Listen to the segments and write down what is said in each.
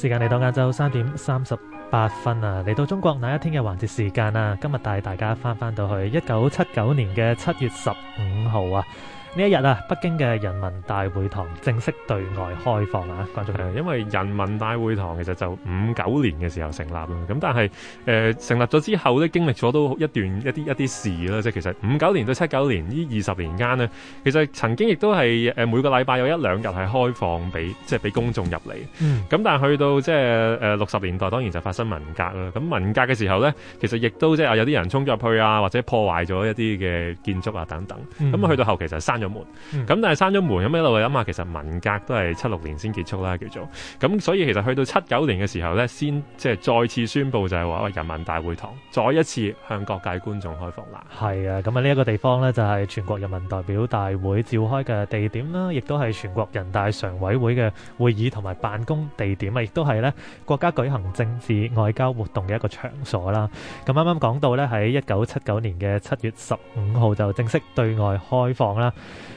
時間嚟到晏晝三點三十。八分啊！嚟到中國那一天嘅環節時間啊，今日帶大家翻翻到去一九七九年嘅七月十五號啊，呢一日啊，北京嘅人民大會堂正式對外開放啊！觀眾朋友，係因為人民大會堂其實就五九年嘅時候成立啦，咁但係誒、呃、成立咗之後咧，經歷咗都一段一啲一啲事啦，即係其實五九年到七九年呢二十年間呢，其實曾經亦都係誒每個禮拜有一兩日係開放俾即係俾公眾入嚟，咁、嗯、但係去到即係誒六十年代，當然就發。新文革啊，咁文革嘅時候咧，其實亦都即係有啲人衝入去啊，或者破壞咗一啲嘅建築啊等等。咁、嗯、啊，去到後期就閂咗門，咁、嗯、但係閂咗門咁一路諗下，其實文革都係七六年先結束啦，叫做。咁所以其實去到七九年嘅時候咧，先即係、就是、再次宣布就係話人民大會堂再一次向各界觀眾開放啦。係啊，咁啊呢一個地方咧就係、是、全國人民代表大會召開嘅地點啦，亦都係全國人大常委會嘅會議同埋辦公地點啊，亦都係咧國家舉行政治。外交活動嘅一個場所啦，咁啱啱講到咧喺一九七九年嘅七月十五號就正式對外開放啦，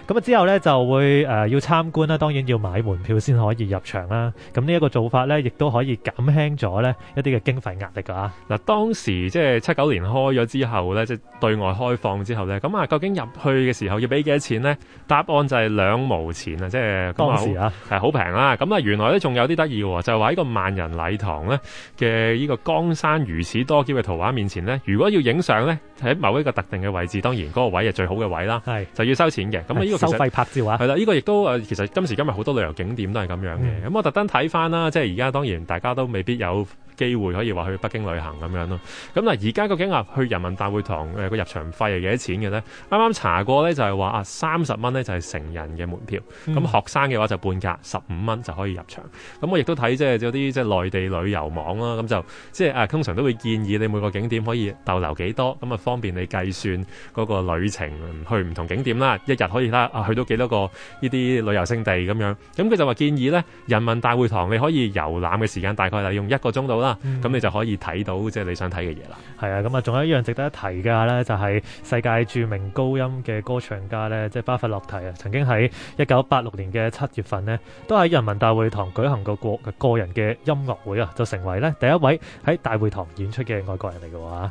咁啊之後咧就會誒、呃、要參觀啦，當然要買門票先可以入場啦，咁呢一個做法咧亦都可以減輕咗咧一啲嘅經費壓力㗎啦。嗱，當時即係七九年開咗之後咧，即、就、係、是、對外開放之後咧，咁啊究竟入去嘅時候要俾幾多錢咧？答案就係兩毛錢啊，即、就、係、是、當時啊係好平啦。咁啊原來咧仲有啲得意喎，就係話一個萬人禮堂咧嘅。誒，呢個江山如此多嬌嘅圖畫面前咧，如果要影相咧，喺某一個特定嘅位置，當然嗰個位係最好嘅位啦，係就要收錢嘅。咁啊，呢個其實收費拍照啊，係啦，呢、呢個亦都誒，其實今時今日好多旅遊景點都係咁樣嘅。咁、嗯、我特登睇翻啦，即係而家當然大家都未必有。機會可以話去北京旅行咁樣咯。咁嗱，而家究竟啊去人民大會堂誒個入場費係幾多錢嘅呢？啱啱查過呢，就係話啊三十蚊呢，就係成人嘅門票。咁、嗯、學生嘅話就半價十五蚊就可以入場。咁我亦都睇即係有啲即係內地旅遊網啦，咁就即係、就是、啊通常都會建議你每個景點可以逗留幾多，咁啊方便你計算嗰個旅程去唔同景點啦。一日可以啦啊去到幾多個呢啲旅遊勝地咁樣。咁佢就話建議呢人民大會堂你可以遊覽嘅時間大概係用一個鐘度啦。咁、嗯、你就可以睇到即係你想睇嘅嘢啦。係啊，咁啊仲有一樣值得一提嘅咧，就係、是、世界著名高音嘅歌唱家咧，即、就、係、是、巴伐洛提啊，曾經喺一九八六年嘅七月份呢，都喺人民大會堂舉行個個人嘅音樂會啊，就成為咧第一位喺大會堂演出嘅外國人嚟嘅喎。